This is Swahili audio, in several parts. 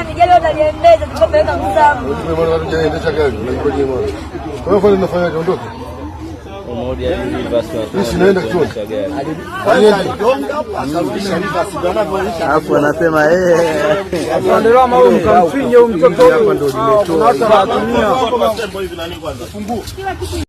Jamani, jali wataliendeza tukompeleka mzamu. Tumeona watu jana endesha gari. Kwa hiyo kwa nini unafanyaje? Ondoka alafu anasema eh, eh, eh. Ah,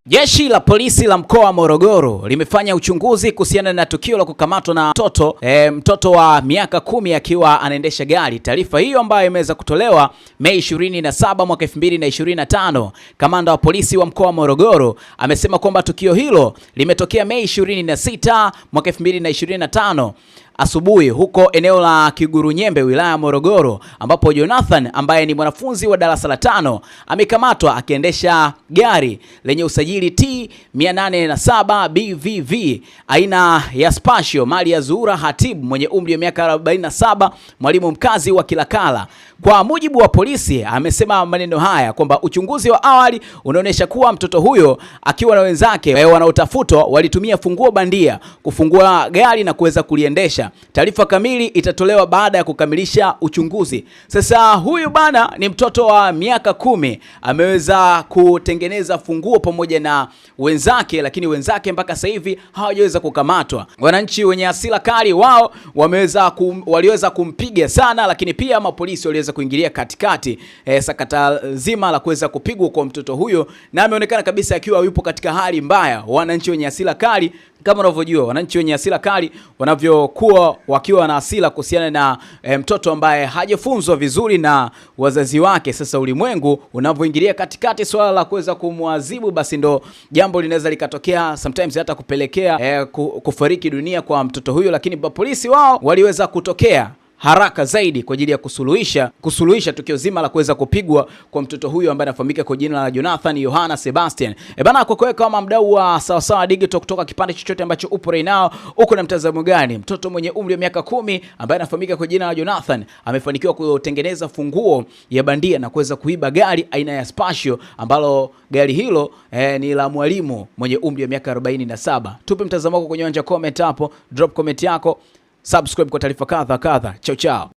jeshi la polisi la mkoa wa Morogoro limefanya uchunguzi kuhusiana na tukio la kukamatwa na mtoto e, mtoto wa miaka kumi akiwa anaendesha gari. Taarifa hiyo ambayo imeweza kutolewa Mei 27 mwaka 2025, kamanda wa polisi wa mkoa wa Morogoro amesema kwamba tukio hilo limetokea Mei 26 mwaka 2025 asubuhi huko eneo la Kigurunyembe wilaya ya Morogoro, ambapo Jonathan ambaye ni mwanafunzi wa darasa la tano amekamatwa akiendesha gari lenye usajili T 807 BVV aina ya Spacio mali ya Zuhura Hatibu mwenye umri wa miaka 47, mwalimu mkazi wa Kilakala. Kwa mujibu wa polisi, amesema maneno haya kwamba uchunguzi wa awali unaonyesha kuwa mtoto huyo akiwa na wenzake wanaotafutwa walitumia funguo bandia kufungua gari na kuweza kuliendesha maisha. Taarifa kamili itatolewa baada ya kukamilisha uchunguzi. Sasa huyu bana ni mtoto wa miaka kumi, ameweza kutengeneza funguo pamoja na wenzake, lakini wenzake mpaka sasa hivi hawajaweza kukamatwa. Wananchi wenye hasira kali wao wameweza kum, waliweza kumpiga sana, lakini pia mapolisi waliweza kuingilia katikati e, sakata zima la kuweza kupigwa kwa mtoto huyo, na ameonekana kabisa akiwa yupo katika hali mbaya. Wananchi wenye hasira kali kama unavyojua, wananchi wenye hasira kali wanavyokuwa huo wakiwa na hasira kuhusiana na e, mtoto ambaye hajafunzwa vizuri na wazazi wake. Sasa ulimwengu unavyoingilia katikati swala la kuweza kumwadhibu, basi ndo jambo linaweza likatokea sometimes hata kupelekea e, kufariki dunia kwa mtoto huyo, lakini polisi wao waliweza kutokea haraka zaidi kwa ajili ya kusuluhisha kusuluhisha tukio zima la kuweza kupigwa kwa mtoto huyu ambaye anafahamika kwa jina la Jonathan Yohana Sebastian. E bana, kwa kweli kama mdau wa Sawasawa Digital kutoka kipande chochote ambacho upo right now, uko na mtazamo gani? Mtoto mwenye umri wa miaka kumi ambaye anafahamika kwa jina la Jonathan amefanikiwa kutengeneza funguo ya bandia na kuweza kuiba gari aina ya Spacio ambalo gari hilo eh, ni la mwalimu mwenye umri wa miaka 47. Tupe mtazamo wako kwenye uwanja comment hapo, drop comment yako subscribe kwa taarifa kadha kadha. Chao chao.